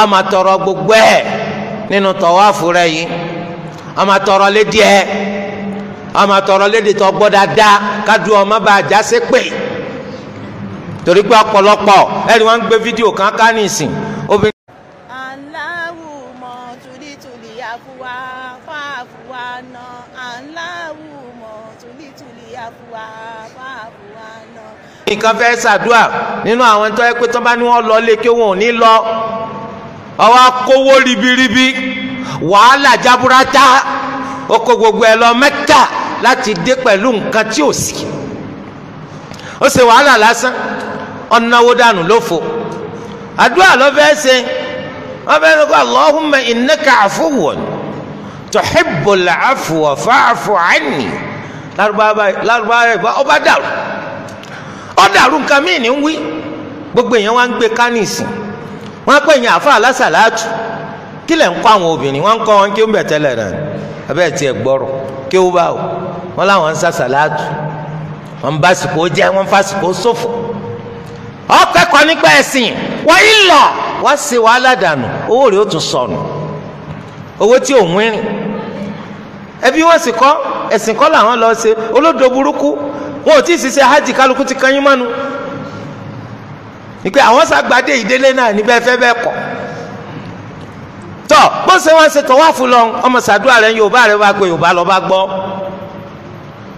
ọ máa tọrọ gbogbo ẹ̀ nínú tọ̀wáfù rẹ yìí ọ máa tọrọ lédi ẹ̀ ọ máa tọrọ lédi tó gbọ́ dáadáa kájú ọmọ bá ajá sí pè torí pé ọ̀pọ̀lọpọ̀ ẹni wọ́n ń gbé fídíò kan ká nìsín obìnrin. nǹkan fẹ́ ṣàdúà nínú àwọn tó yẹ pé tó bá ní wọ́n lọ lé kí wọn ò ní lọ ọwọ́ akówó ribiribi wàhálà jaburata oko gbogbo ẹ lọ mẹ́ta láti dé pẹ̀lú nǹkan tí ò sí ó ṣe wàhálà lásán ọ̀nàwó dànù lófo àdúrà ló fẹ́ ṣe wọ́n fẹ́ sọ́kọ́ Allahumma innaka afuwun tuhibbul afwa fa'fu anni lárúbáwá ìbá ọba dàrú ọ̀dàrú nǹkan mìíràn ń wí gbogbo èèyàn wá ń gbé kánìsì. wọ́n pẹ yín àfa alásàlátù kí lẹ̀ ń àwọn obìnrin wọ́n ń kọ́ wọn kí ó ń bẹ̀ tẹ́lẹ̀ abẹ́ tiẹ̀ gbọ́rọ̀ kí ó bá o wọ́n láwọn ń sàsàlátù wọ́n jẹ́ wọ́n ń fásìkò sófò ọ̀kẹ́kọ̀ọ́ nípa ẹ̀sìn yìí lọ wàhálà dànù owó ó tún sọnù owó tí rìn ni pé àwọn sàgbàdé ìdílé náà níbẹ̀ fẹ́ bẹ́ẹ̀ kọ́ tọ́ bó ṣe wá ṣe tọ́wáfù lọ ọmọ sàdúrà rẹ yorùbá rẹ bá gbé yorùbá lọ bá gbọ́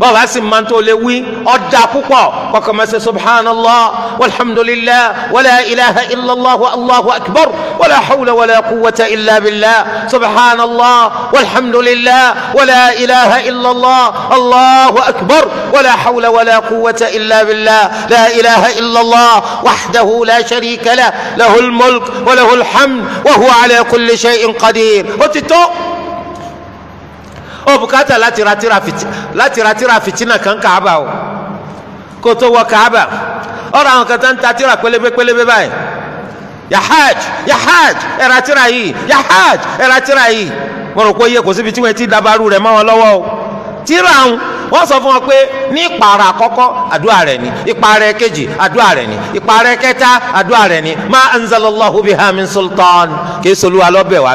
bọ́ọ̀bá sì máa tó lè wí ọ̀dà púpọ̀ kọ́kọ́ máa ṣe subhanallah walhamdulillah wala ilaha illallah allahu akbar wala hawla wala quwwata illa billah subhanallah walhamdulillah wala ilaha illallah allahu akbar wala hawla wala quwwata illa billah la ilaha illallah wahdahu la sharika lah lahul mulk wa lahul hamd wa huwa ala kulli shay'in qadir ó ti tó. ó bùkátà láti ra tírà fìtínà láti ra tírà fìtínà kan kàába o kó tó wọ kàába ọ̀rọ̀ àwọn kan tó ń ta tírà pélébé pélébé báyìí yahaj yahaj ẹ ra tírà yìí yahaj ẹ ra tírà yìí mo rò pé iye kò síbi tí wọ́n ti dabaru rẹ̀ mọ́ wọn lọ́wọ́ o tírà ń wọ́n sọ fún wọn pé ní ìpààrà àkọ́kọ́ àdúrà rẹ̀ ni ìpààrà kejì àdúrà rẹ̀ ni ìpààrà kẹta àdúrà rẹ̀ ni ma anzalallahu biha min sultan kì í solúwa lọ́bẹ̀ wá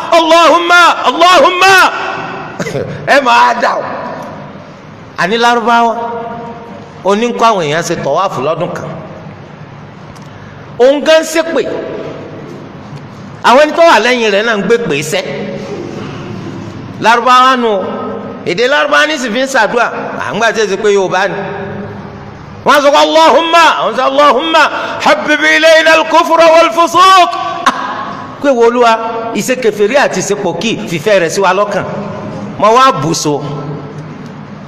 Allahumma Allahumma ẹ máa dà o àní lárúbáwá oníkó àwọn èèyàn ṣe tọ̀wáàfù lọ́dún kan òun gan ṣépè àwọn ẹni tó wà lẹ́yìn rẹ̀ náà ń gbé pèsè lárúbáwá nù èdè lárúbáwá ní sì fi ń ṣàdúrà tí èsì pé yorùbá ni wọ́n sọ Allahumma wọ́n sọ Allahumma habbib ilayna al-kufra pé wo olúwa ìṣe kèfèrí àti ìṣe pòkì fìfẹ́ rẹ̀ sí wa lọ́kàn mo wá bù so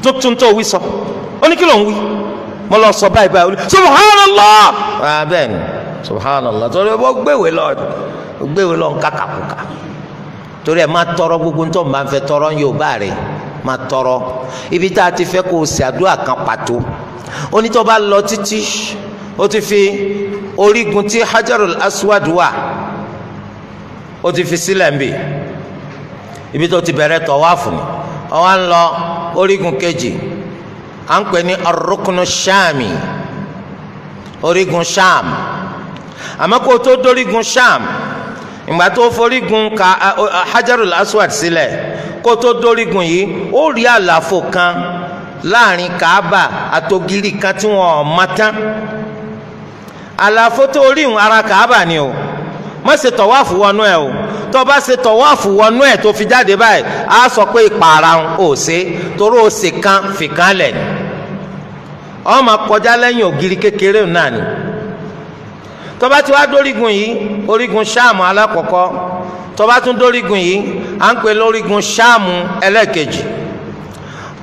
tuntun tó wí sọ ó ní kí ló ń wí mo lọ sọ báyìí báyìí subhanallah ah, bẹ́ẹ̀ ni subhanallah torí ó gbéwèé lọ ó gbéwèé lọ ńkàkàkùkà torí ẹ máa tọrọ gbogbo nítorí máa ń fẹ́ tọrọ ń yóò bá rẹ máa tọrọ ibi tá a ti fẹ́ kó o ṣe àdúrà kan pàtó onítọ́ bá lọ títí ó ti fi orígun tí hajarul aswad wà. O ti fi sílẹ̀ ń bì ibi tó ti bẹ̀rẹ̀ tọ̀wáàfù ni ọwọ́ ń lọ orígun kejì à ń pè ní arúkúnú sáàmì orígun sáàm àmọ́ kó o tó dórígun sáàm ìgbà tó forígun ka hajarul aswad sílẹ̀ kó o tó dórígun yìí ó rí àlàfo kan láàrin kaaba àtògiri kan tí wọn ò mọ tán àlàfo tó rí ara kaaba ni o má ṣe tọ̀wáàfù wọnú ẹ̀ o tó bá ṣe tọ̀wáàfù wọnú ẹ̀ tó fi jáde báyìí á sọ pé ìpààrà ò ṣe torí ó ṣe kan fìkan lẹ̀ ó máa kọjá lẹ́yìn ògiri kékeré náà ni tó bá ti wá dórígun yìí orígun sáàmù alákọ̀ọ́kọ́ tó bá tún dórígun yìí à ń pè lórígun sáàmù ẹlẹ́ẹ̀kejì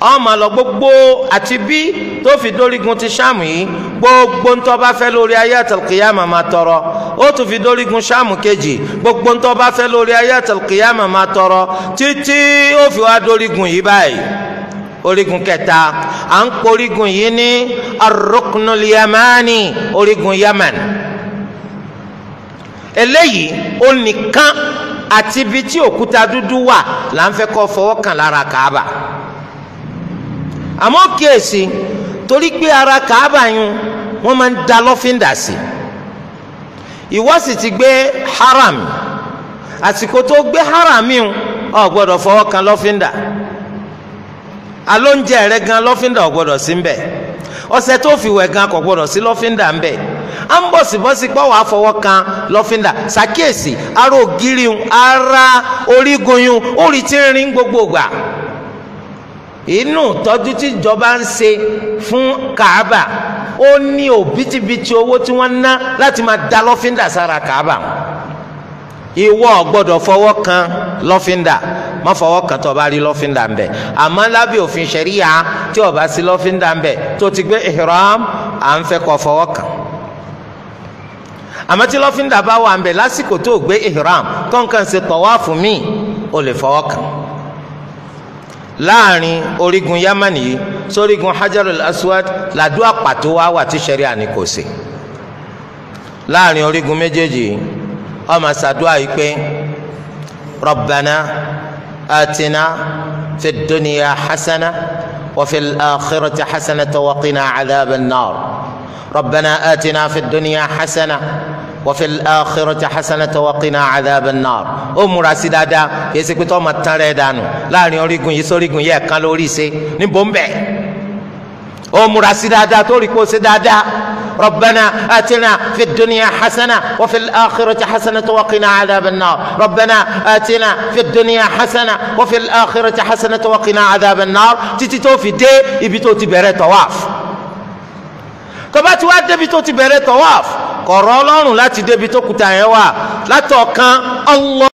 ọmọ lọ gbogbo àti bí tó fi dórígun ti ṣáàmù yìí gbogbo ntọ́ bá fẹ́ lórí ayé àtàlùkìyàmà máa tọrọ ó tún fi dórígun ṣáàmù kejì gbogbo ntọ́ bá fẹ́ lórí ayé àtàlùkìyàmà máa tọrọ títí ó fi wá dórígun yìí báyìí orígun kẹta à ń pọ yìí ní aruknul orígun yaman eléyìí ó nìkan àti ibi tí òkúta dúdú wà là ń fẹ́ kọ́ fọwọ́ kàn lára kàába. àmọ́ kíyèsí torí pé ara kàábà yun wọ́n máa ń da lọ́fíńdà sí ìwọ sì ti gbé haram àsìkò tó gbé haram yun ò gbọ́dọ̀ fọwọ́ kan lọ́fíńdà alóúnjẹ rẹ gan lọ́fíńdà ò gbọ́dọ̀ sí ń Ọ̀sẹ̀ tó fi wẹ̀ gan kò gbọ́dọ̀ sí lọ́fíńdà ń à ń bọ̀sibọ́sí pé wàá fọwọ́ kan lọ́fíńdà ṣàkíyèsí ara ògiri ara orígun yun ó rí tí ń rin gbogbo gbà. inú tọ́jú tíjọba ń ṣe fún Kaaba ó ní òbítíbitì owó tí wọ́n ná láti máa da lọ́fíńdà sára Kaaba ìwọ gbọ́dọ̀ fọwọ́ kan lọ́fíńdà má fọwọ́ kan tó bá rí lọ́fíńdà ń bẹ àmọ́ lábẹ́ òfin ṣẹ̀ríya tí ó sí lọ́fíńdà ń bẹ tó ti gbé ihram à ń fẹ́ kó fọwọ́ kan àmọ́ tí lọ́fíńdà bá wà ń bẹ lásìkò tó gbé ihram tó ń kàn ṣe tọ̀wá fún ò lè fọwọ́ kan láàrin orígun yamani yìí sórígun hajarul aswad làdúrà pàtó wá wà tí ṣẹ̀ríà ní kò sí láàrin orígun méjèèjì ó máa ṣàdúrà yìí pé rabbana atina fid dunya hasana wa fil akhirati hasana wa qina adhaban nar rabbana atina fid hasana wọ́fẹ̀ akhirati hasanata wa qina adhaban nar ó múra sí dáadáa kìí ṣe pé tó ma tán rẹ̀ dànù láàrin orígun yìí sórígun yìí ẹ̀kan lórí ṣe ní bọ́m̀bẹ̀ ó múra sí dáadáa tó rí kó ṣe dáadáa ربنا آتنا في الدنيا حسنة وفي الآخرة حسنة وقنا عذاب النار ربنا آتنا في الدنيا حسنة وفي الآخرة حسنة وقنا عذاب النار تتتو في دي يبتو تبري طواف كما تواد بتو تبري طواف kọ̀rọ̀ ọlọ́run láti débi tó kùtà yẹn wà látọ̀kan Allah